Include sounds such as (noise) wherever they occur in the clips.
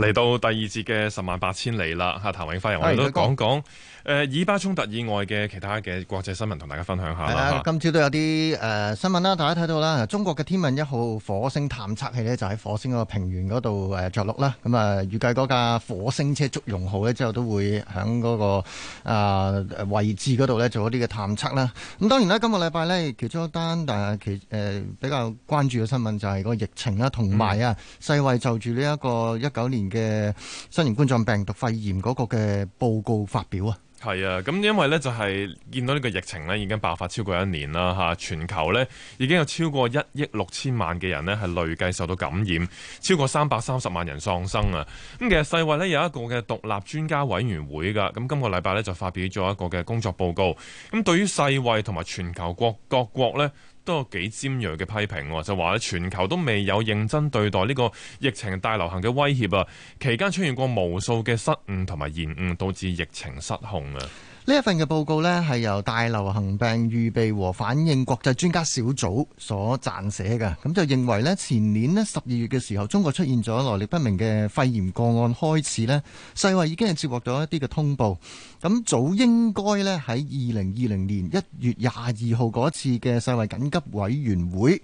嚟到第二節嘅十萬八千里啦，吓，譚永輝，我哋都講講誒以巴衝突以外嘅其他嘅國際新聞同大家分享一下啦。今朝都有啲誒、呃、新聞啦，大家睇到啦，中國嘅天問一號火星探測器咧，就喺、是、火星嗰個平原嗰度誒着陸啦。咁啊，預計嗰架火星車祝融號咧，之後都會響嗰、那個誒、呃、位置嗰度咧做一啲嘅探測啦。咁當然啦，今個禮拜咧其中一單但係其誒、呃、比較關注嘅新聞就係個疫情啦，同埋啊、嗯、世衛就住呢一個一九年。嘅新型冠狀病毒肺炎嗰個嘅報告發表啊，係啊，咁因為咧就係見到呢個疫情咧已經爆發超過一年啦，吓，全球咧已經有超過一億六千萬嘅人咧係累計受到感染，超過三百三十萬人喪生啊！咁其實世衛咧有一個嘅獨立專家委員會噶，咁今個禮拜咧就發表咗一個嘅工作報告，咁對於世衛同埋全球各各國咧，都幾尖鋭嘅批評喎，就話咧全球都未有認真對待呢個疫情大流行嘅威脅啊，期間出現過無數嘅失誤同埋延誤，導致疫情失控啊。呢一份嘅報告呢，係由大流行病預備和反應國際專家小組所撰寫嘅，咁就認為呢，前年呢十二月嘅時候，中國出現咗來歷不明嘅肺炎個案開始呢，世衞已經係接獲咗一啲嘅通報，咁早應該呢喺二零二零年一月廿二號嗰次嘅世衞緊急委員會。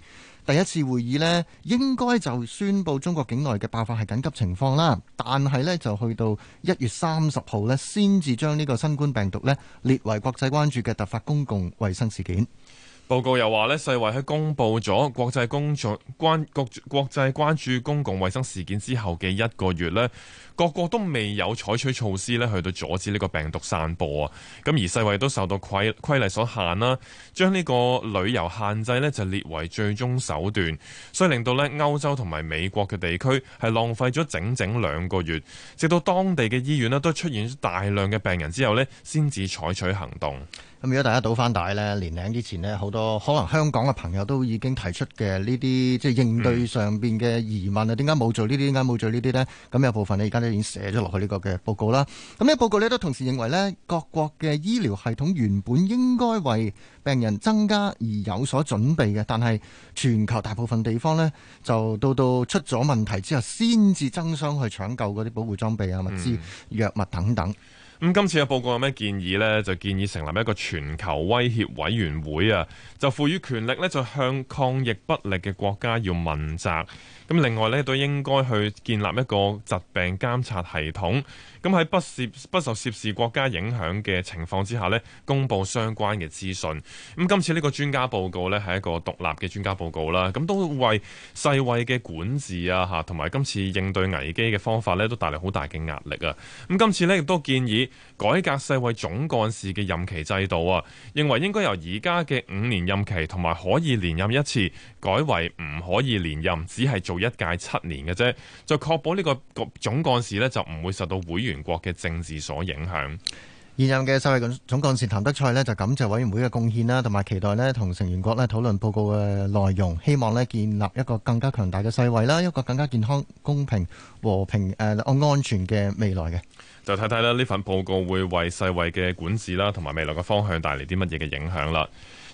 第一次會議呢，應該就宣佈中國境內嘅爆發係緊急情況啦，但係呢就去到一月三十號呢，先至將呢個新冠病毒呢列為國際關注嘅突發公共衛生事件。報告又話咧，世衛喺公佈咗國際公眾關國國際關注公共衛生事件之後嘅一個月咧，各國都未有採取措施咧，去到阻止呢個病毒散播啊！咁而世衛都受到規規例所限啦，將呢個旅遊限制咧就列為最終手段，所以令到咧歐洲同埋美國嘅地區係浪費咗整整兩個月，直到當地嘅醫院咧都出現了大量嘅病人之後咧，先至採取行動。咁如果大家倒翻大咧，年零之前呢，好多可能香港嘅朋友都已經提出嘅呢啲，即係應對上邊嘅疑問啊，點解冇做呢啲？點解冇做呢啲呢？咁有部分咧，而家都已經寫咗落去呢個嘅報告啦。咁呢個報告呢，都同時認為呢，各國嘅醫療系統原本應該為病人增加而有所準備嘅，但係全球大部分地方呢，就到到出咗問題之後，先至爭相去搶救嗰啲保護裝備啊、物資、嗯、藥物等等。咁今次嘅報告有咩建議呢？就建議成立一個全球威脅委員會啊，就賦予權力咧，就向抗疫不力嘅國家要問責。咁另外咧，都應該去建立一個疾病監察系統，咁喺不涉不受涉事國家影響嘅情況之下咧，公布相關嘅資訊。咁今次呢個專家報告咧，係一個獨立嘅專家報告啦。咁都為世衛嘅管治啊，吓同埋今次應對危機嘅方法咧，都帶嚟好大嘅壓力啊。咁今次咧亦都建議改革世衛總幹事嘅任期制度啊，認為應該由而家嘅五年任期同埋可以連任一次，改為唔可以連任，只係做。一屆七年嘅啫，就確保呢個總幹事呢，就唔會受到會員國嘅政治所影響。現任嘅世衛總幹事譚德賽呢，就感謝委員會嘅貢獻啦，同埋期待呢，同成員國呢討論報告嘅內容，希望呢建立一個更加強大嘅世衛啦，一個更加健康、公平、和平、誒、呃、安安全嘅未來嘅。就睇睇啦，呢份報告會為世衛嘅管治啦，同埋未來嘅方向帶嚟啲乜嘢嘅影響啦。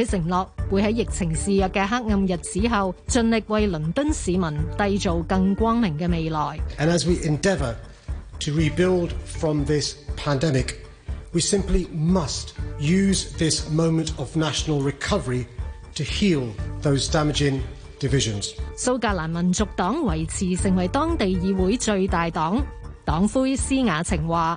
佢承諾會喺疫情肆虐嘅黑暗日子後，盡力為倫敦市民締造更光明嘅未來。And as we endeavor to rebuild from this pandemic, we simply must use this moment of national recovery to heal those damaging divisions. 蘇格蘭民族黨維持成為當地議會最大黨，黨魁施雅晴話。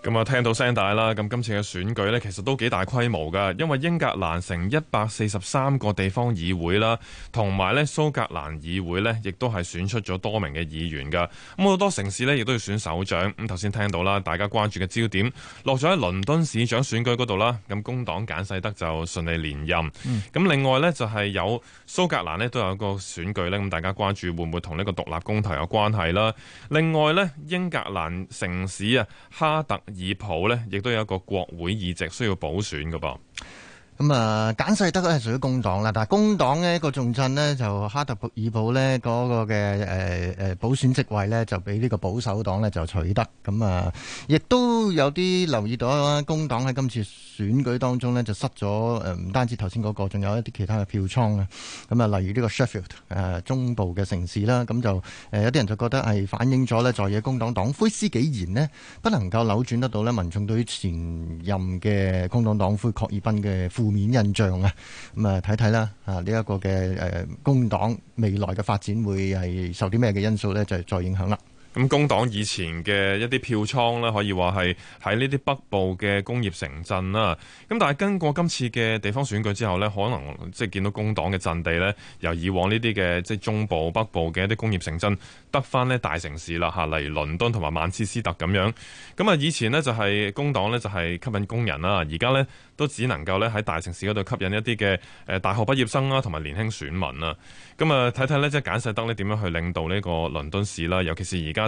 咁啊，聽到聲大啦！咁今次嘅選舉呢，其實都幾大規模噶，因為英格蘭成一百四十三個地方議會啦，同埋咧蘇格蘭議會呢，亦都係選出咗多名嘅議員噶。咁好多城市呢，亦都要選首長。咁頭先聽到啦，大家關注嘅焦點落咗喺倫敦市長選舉嗰度啦。咁工黨簡世德就順利連任。咁、嗯、另外呢，就係有蘇格蘭呢，都有一個選舉呢。咁大家關注會唔會同呢個獨立公投有關係啦？另外呢，英格蘭城市啊，哈特以普呢亦都有一個國會議席需要補選㗎噃。咁啊、嗯，簡世德咧屬於工黨啦，但係工黨呢個重鎮呢，就哈特普爾堡呢嗰個嘅誒誒補選席位呢，就俾呢個保守黨呢就取得。咁、嗯、啊，亦、嗯、都有啲留意到啦，工黨喺今次選舉當中呢，就失咗唔單止頭先嗰個，仲有一啲其他嘅票倉啊。咁、嗯、啊，例如呢個 Sheffield、呃、中部嘅城市啦，咁、嗯、就、呃、有啲人就覺得係反映咗呢在野工黨黨魁斯機言呢，不能夠扭轉得到呢民眾對於前任嘅工黨黨魁霍爾賓嘅負面印象啊，咁啊，睇睇啦啊，呢一個嘅誒工黨未來嘅發展會係受啲咩嘅因素咧，就係再影響啦。咁工黨以前嘅一啲票倉咧，可以話係喺呢啲北部嘅工業城鎮啦。咁但係經過今次嘅地方選舉之後呢，可能即係見到工黨嘅陣地呢，由以往呢啲嘅即係中部北部嘅一啲工業城鎮得翻呢大城市啦吓，例如倫敦同埋曼徹斯特咁樣。咁啊，以前呢就係工黨呢，就係吸引工人啦，而家呢，都只能夠呢喺大城市嗰度吸引一啲嘅誒大學畢業生啦，同埋年輕選民啦。咁啊，睇睇呢，即係簡世德呢點樣去領導呢個倫敦市啦，尤其是而家。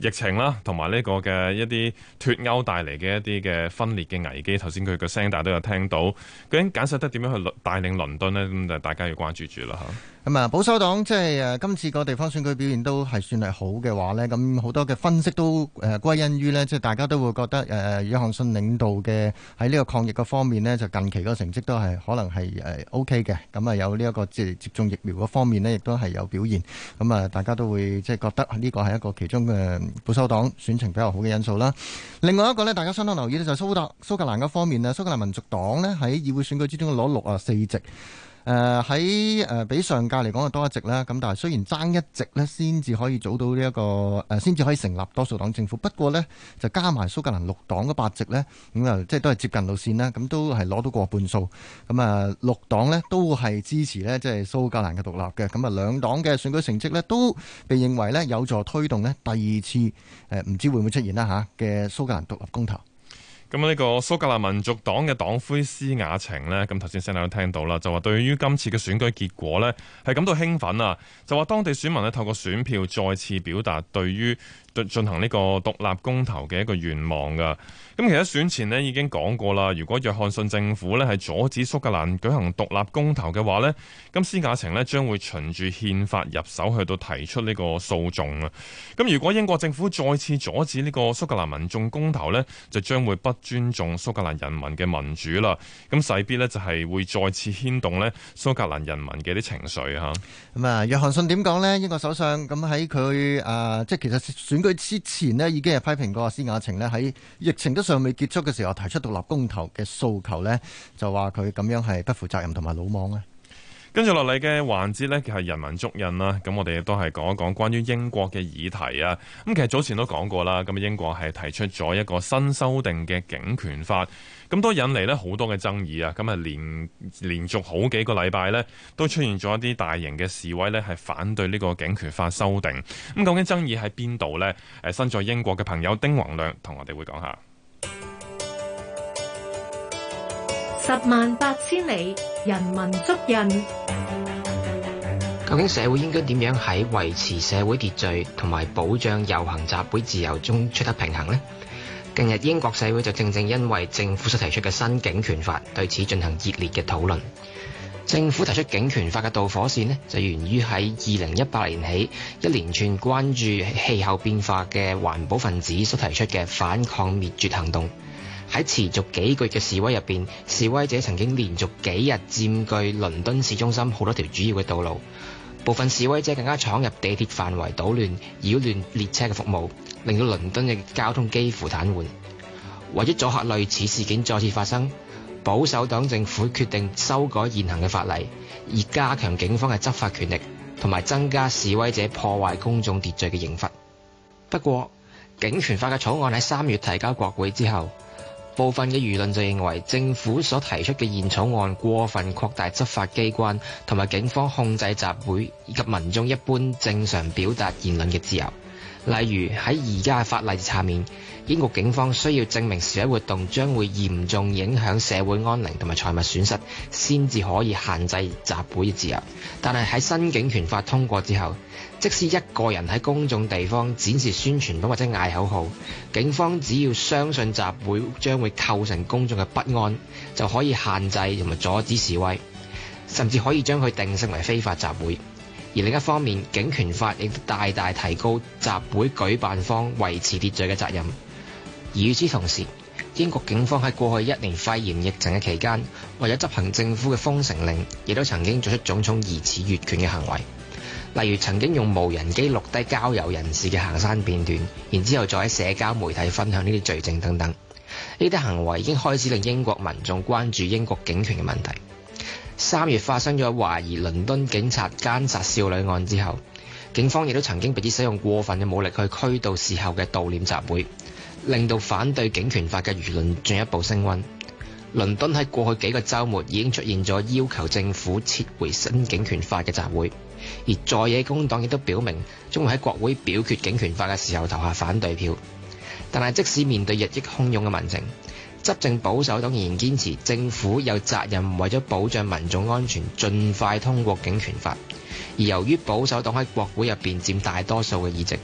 疫情啦，同埋呢個嘅一啲脫歐帶嚟嘅一啲嘅分裂嘅危機，頭先佢個聲，大家都有聽到。究竟簡世德點樣去帶領倫敦呢？咁就大家要關注住啦嚇。咁啊，保守黨即係誒今次個地方選舉表現都係算係好嘅話呢，咁好多嘅分析都誒歸因於呢，即係大家都會覺得誒約翰遜領導嘅喺呢個抗疫嘅方面呢，就近期個成績都係可能係誒 O K 嘅。咁啊，有呢一個即接種疫苗嗰方面呢，亦都係有表現。咁啊，大家都會即係覺得呢個係一個其中嘅。保守黨選情比較好嘅因素啦，另外一個咧，大家相當留意咧，就係蘇格蘇格蘭嗰方面咧，蘇格蘭民族黨咧喺議會選舉之中攞六啊四席，誒喺誒比上屆嚟講就多一席啦，咁但係雖然爭一席呢，先至可以組到呢、這、一個誒，先至可以成立多數黨政府。不過呢，就加埋蘇格蘭六黨嘅八席呢，咁、嗯、啊，即係都係接近路線啦，咁都係攞到過半數。咁啊，六黨呢都係支持呢，即係蘇格蘭嘅獨立嘅。咁啊，兩黨嘅選舉成績呢，都被認為呢有助推動呢第二次誒，唔知會唔會出現啦嚇嘅蘇格蘭獨立公投。咁呢個蘇格蘭民族黨嘅黨魁施雅晴呢，咁頭先聲帶都聽到啦，就話對於今次嘅選舉結果呢，係感到興奮啊！就話當地選民呢，透過選票再次表達對於進行呢個獨立公投嘅一個願望噶。咁其實選前呢已經講過啦，如果約翰遜政府呢係阻止蘇格蘭舉行獨立公投嘅話呢，咁施雅晴呢將會循住憲法入手去到提出呢個訴訟啊。咁如果英國政府再次阻止呢個蘇格蘭民眾公投呢，就將會不尊重蘇格蘭人民嘅民主啦。咁勢必呢就係、是、會再次牽動呢蘇格蘭人民嘅啲情緒嚇。咁啊，約翰遜點講呢？英國首相咁喺佢啊，即係其實佢之前呢，已經係批評過阿施雅晴呢喺疫情都尚未結束嘅時候提出獨立公投嘅訴求呢，就話佢咁樣係不負責任同埋魯莽啊！跟住落嚟嘅環節呢，就係人文足印啦。咁我哋亦都係講一講關於英國嘅議題啊。咁其實早前都講過啦。咁英國係提出咗一個新修訂嘅警權法，咁都引嚟呢好多嘅爭議啊。咁啊連連續好幾個禮拜呢，都出現咗一啲大型嘅示威呢係反對呢個警權法修訂。咁究竟爭議喺邊度呢？誒，身在英國嘅朋友丁宏量同我哋會講下。十萬八千里，人文足印。究竟社會應該點樣喺維持社會秩序同埋保障遊行集會自由中取得平衡呢？近日英國社會就正正因為政府所提出嘅新警權法，對此進行熱烈嘅討論。政府提出警權法嘅導火線呢，就源於喺二零一八年起一連串關注氣候變化嘅環保分子所提出嘅反抗滅絕行動。喺持續幾個月嘅示威入邊，示威者曾經連續幾日佔據倫敦市中心好多條主要嘅道路。部分示威者更加闖入地鐵範圍，搗亂擾亂列車嘅服務，令到倫敦嘅交通幾乎癱瘓。為咗阻嚇類似事件再次發生，保守黨政府決定修改現行嘅法例，以加強警方嘅執法權力，同埋增加示威者破壞公眾秩序嘅刑罰。不過，警權法嘅草案喺三月提交國會之後，部分嘅輿論就認為，政府所提出嘅現草案過分擴大執法機關同埋警方控制集會以及民眾一般正常表達言論嘅自由。例如喺而家嘅法例下面，英國警方需要證明示威活動將會嚴重影響社會安寧同埋財物損失，先至可以限制集會自由。但係喺新警權法通過之後，即使一個人喺公眾地方展示宣傳品或者嗌口號，警方只要相信集會將會構成公眾嘅不安，就可以限制同埋阻止示威，甚至可以將佢定性為非法集會。而另一方面，警權法亦都大大提高集會舉辦方維持秩序嘅責任。而與此同時，英國警方喺過去一年肺炎疫情嘅期間，為咗執行政府嘅封城令，亦都曾經做出種種疑似越權嘅行為，例如曾經用無人機錄低郊遊人士嘅行山片段，然之後再喺社交媒體分享呢啲罪證等等。呢啲行為已經開始令英國民眾關注英國警權嘅問題。三月發生咗懷疑倫敦警察奸殺少女案之後，警方亦都曾經被指使用過分嘅武力去驅渡事後嘅悼念集會，令到反對警權法嘅輿論進一步升溫。倫敦喺過去幾個週末已經出現咗要求政府撤回新警權法嘅集會，而在野工黨亦都表明將會喺國會表決警權法嘅時候投下反對票。但係即使面對日益洶湧嘅民情，執政保守黨仍然堅持政府有責任為咗保障民眾安全，盡快通過警權法。而由於保守黨喺國會入邊佔大多數嘅議席，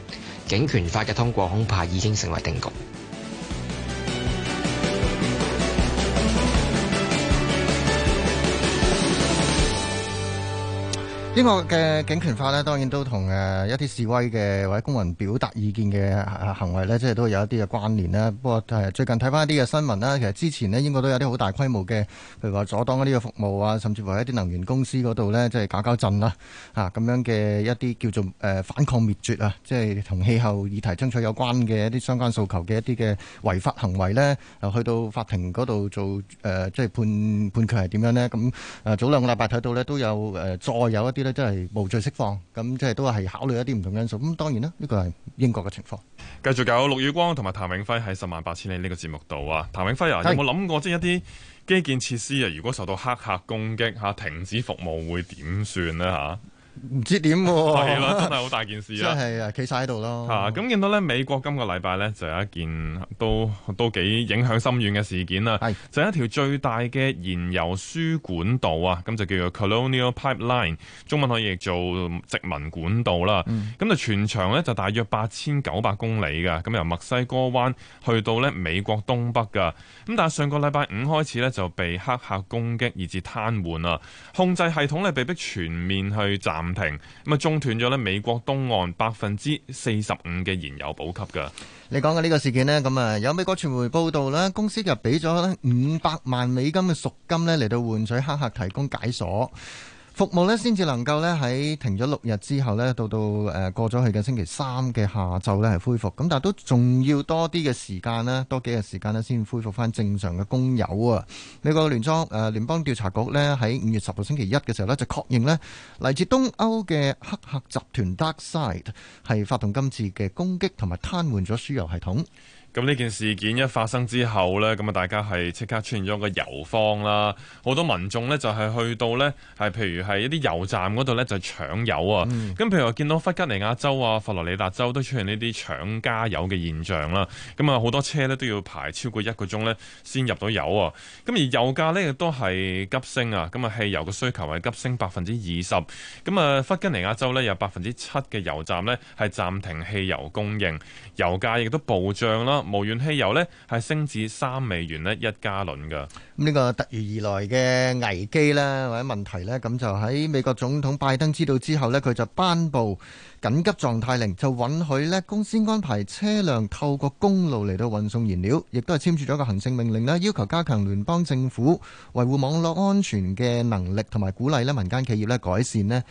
警權法嘅通過恐怕已經成為定局。英國嘅警權法咧，當然都同誒一啲示威嘅或者公民表達意見嘅行為咧，即係都有一啲嘅關聯啦。不過誒最近睇翻一啲嘅新聞啦，其實之前咧英國都有啲好大規模嘅，譬如話阻擋一啲嘅服務啊，甚至乎一啲能源公司嗰度咧，即係搞搞震啦嚇咁樣嘅一啲叫做誒反抗滅絕啊，即係同氣候議題爭取有關嘅一啲相關訴求嘅一啲嘅違法行為呢，去到法庭嗰度做誒即係判判決係點樣呢？咁誒早兩個禮拜睇到咧都有誒再有一啲。即係無罪釋放，咁即係都係考慮一啲唔同因素。咁當然啦，呢個係英國嘅情況。繼續有陸宇光同埋譚永輝喺十萬八千里呢個節目度啊。譚永輝啊，是有冇諗過即係一啲基建設施啊？如果受到黑客攻擊吓，停止服務會點算呢？吓？唔知點喎？係啦，真係好大件事啊！真係啊，企晒喺度咯。嚇，咁見到咧，美國今個禮拜咧就有一件都都幾影響深遠嘅事件啦。係是就一條最大嘅燃油輸管道啊，咁就叫做 Colonial Pipeline，中文可以做殖民管道啦。咁、嗯、就全長咧就大約八千九百公里嘅，咁由墨西哥灣去到咧美國東北噶。咁但係上個禮拜五開始咧就被黑客攻擊，以致癱瘓啊，控制系統咧被逼全面去暫。唔停咁啊，中斷咗咧美國東岸百分之四十五嘅燃油補給噶。你講嘅呢個事件呢，咁啊有美國傳媒報道呢，公司就俾咗五百萬美金嘅贖金呢嚟到換取黑客提供解鎖。服務咧先至能夠咧喺停咗六日之後咧，到到誒過咗去嘅星期三嘅下晝咧係恢復，咁但都仲要多啲嘅時間啦，多幾日時間呢先恢復翻正常嘅供油啊！美國聯邦誒聯邦調查局咧喺五月十號星期一嘅時候咧就確認呢，嚟自東歐嘅黑客集團 DarkSide 係發動今次嘅攻擊同埋癱瘓咗輸油系統。咁呢件事件一發生之後呢，咁啊大家係即刻出現咗個油荒啦，好多民眾呢，就係、是、去到呢，係譬如係一啲油站嗰度呢，就搶油啊，咁、嗯、譬如話見到弗吉尼亞州啊、佛羅里達州都出現呢啲搶加油嘅現象啦，咁啊好多車呢都要排超過一個鐘呢先入到油啊，咁而油價呢，亦都係急升啊，咁啊汽油嘅需求係急升百分之二十，咁啊弗吉尼亞州呢，有百分之七嘅油站呢係暫停汽油供應，油價亦都暴漲啦。無鉛汽油呢係升至三美元呢一加侖嘅。咁呢個突如其來嘅危機呢，或者問題呢，咁就喺美國總統拜登知道之後呢，佢就頒布緊急狀態令，就允許呢公司安排車輛透過公路嚟到運送燃料，亦都係簽署咗一個行政命令咧，要求加強聯邦政府維護網絡安全嘅能力，同埋鼓勵呢民間企業呢改善呢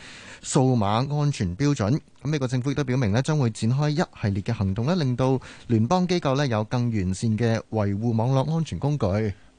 數碼安全標準。咁美國政府亦都表明咧，將會展開一系列嘅行動咧，令到聯邦機構咧有更完善嘅維護網絡安全工具。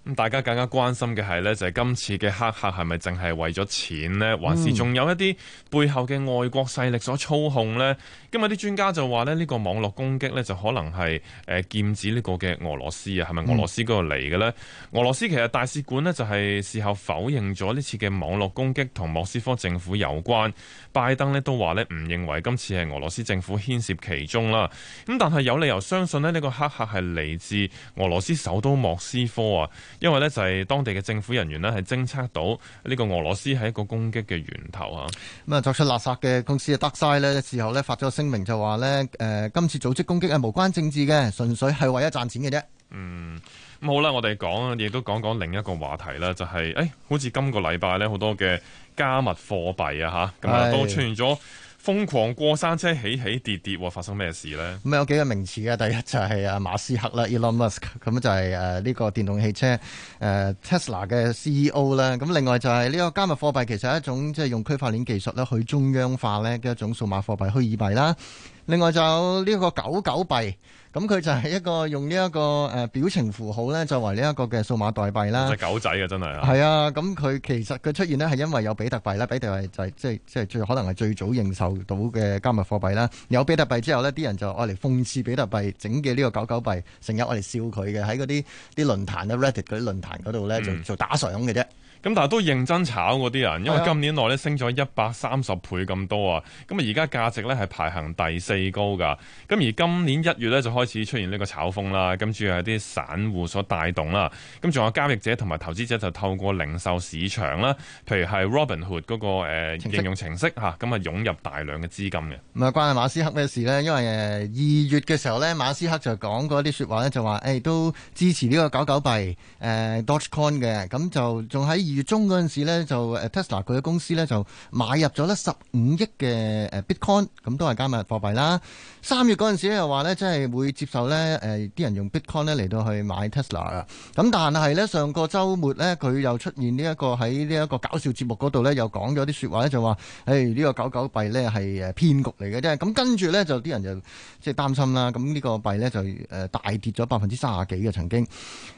咁大家更加關心嘅係呢，就係、是、今次嘅黑客係咪淨係為咗錢呢？還是仲有一啲背後嘅外國勢力所操控呢？今日啲專家就話呢，呢個網絡攻擊呢，就可能係誒劍指呢個嘅俄羅斯啊，係咪俄羅斯嗰度嚟嘅呢？嗯、俄羅斯其實大使館呢，就係事後否認咗呢次嘅網絡攻擊同莫斯科政府有關。拜登呢，都話呢，唔認為今次係俄羅斯政府牽涉其中啦。咁但係有理由相信呢，呢個黑客係嚟自俄羅斯首都莫斯科啊。因為咧就係當地嘅政府人員咧係偵測到呢個俄羅斯係一個攻擊嘅源頭啊。咁啊作出勒索嘅公司啊 DarkSide 呢事後咧發咗聲明就話呢：呃「誒今次組織攻擊係無關政治嘅，純粹係為咗賺錢嘅啫、嗯。嗯，咁好啦，我哋講亦都講講另一個話題啦，就係、是、誒、哎，好似今個禮拜咧好多嘅加密貨幣啊吓，咁啊都出現咗。瘋狂過山車起起跌跌，發生咩事咧？咁有幾個名詞嘅、啊，第一就係阿馬斯克啦，Elon Musk，咁就係誒呢個電動汽車誒、呃、Tesla 嘅 CEO 啦。咁另外就係呢個加密貨幣，其實係一種即係、就是、用區塊鏈技術咧去中央化咧嘅一種數碼貨幣虛擬幣啦。另外就有呢個狗狗幣。咁佢就係一個用呢一個誒表情符號咧作為呢一個嘅數碼代幣啦。即係狗仔嘅真係啊，係啊，咁佢其實佢出現呢係因為有比特幣啦，比特幣就係即係即係最可能係最早認受到嘅加密貨幣啦。有比特幣之後呢，啲人就愛嚟諷刺比特幣，整嘅呢個狗狗幣，成日愛嚟笑佢嘅喺嗰啲啲論壇啊 Reddit 嗰啲論壇嗰度咧就做打賞嘅啫。嗯。咁但係都認真炒嗰啲人，因為今年內咧升咗一百三十倍咁多啊！咁啊而家價值咧係排行第四高㗎。咁而今年一月咧就開始出現呢個炒風啦，跟住係啲散戶所帶動啦。咁仲有交易者同埋投資者就透過零售市場啦，譬如係 Robinhood 嗰、那個誒、呃、式應用程式嚇，咁啊湧入大量嘅資金嘅。唔係關阿馬斯克咩事呢？因為誒二、呃、月嘅時候咧，馬斯克就講過一啲説話咧，就話誒、欸、都支持呢個狗狗幣誒 Dogecoin 嘅，咁、呃、就仲喺。二月中嗰陣時咧，就 Tesla 佢嘅公司咧就買入咗咧十五億嘅誒 Bitcoin，咁都係加密貨幣啦。三月嗰陣時咧又話咧，即係會接受咧誒啲人用 Bitcoin 咧嚟到去買 Tesla 啊。咁但係咧上個週末咧佢又出現呢、這、一個喺呢一個搞笑節目嗰度咧又講咗啲説話咧就話誒、欸這個、呢個狗狗幣咧係誒騙局嚟嘅啫。咁跟住咧就啲人就即係擔心啦。咁呢個幣咧就誒大跌咗百分之三十幾嘅曾經。誒、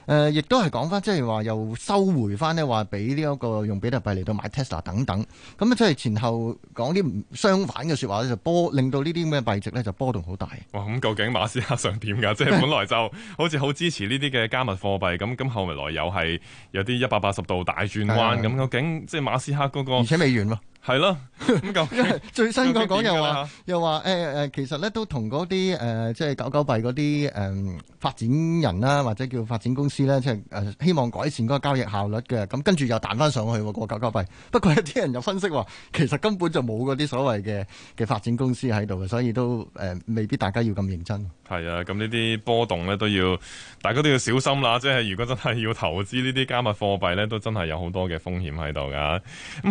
呃、亦都係講翻即係話又收回翻呢話俾。俾呢一個用比特幣嚟到買 Tesla 等等，咁即係前後講啲相反嘅説話咧，就波令到呢啲咩幣值咧就波動好大。哇！咁、嗯、究竟馬斯克想點㗎？ (laughs) 即係本來就好似好支持呢啲嘅加密貨幣，咁咁後嚟來又係有啲一百八十度大轉彎。咁究竟即係馬斯克嗰、嗰個？而且未完喎。係咯，因為 (laughs) 最新講講又話又話，誒、欸、誒、呃，其實咧都同嗰啲誒，即係狗狗幣嗰啲誒發展人啦、啊，或者叫發展公司咧，即係誒希望改善嗰個交易效率嘅。咁跟住又彈翻上去，個狗狗幣。不過有啲人又分析話，其實根本就冇嗰啲所謂嘅嘅發展公司喺度嘅，所以都誒、呃、未必大家要咁認真。係啊，咁呢啲波動咧都要大家都要小心啦。即、就、係、是、如果真係要投資呢啲加密貨幣咧，都真係有好多嘅風險喺度噶。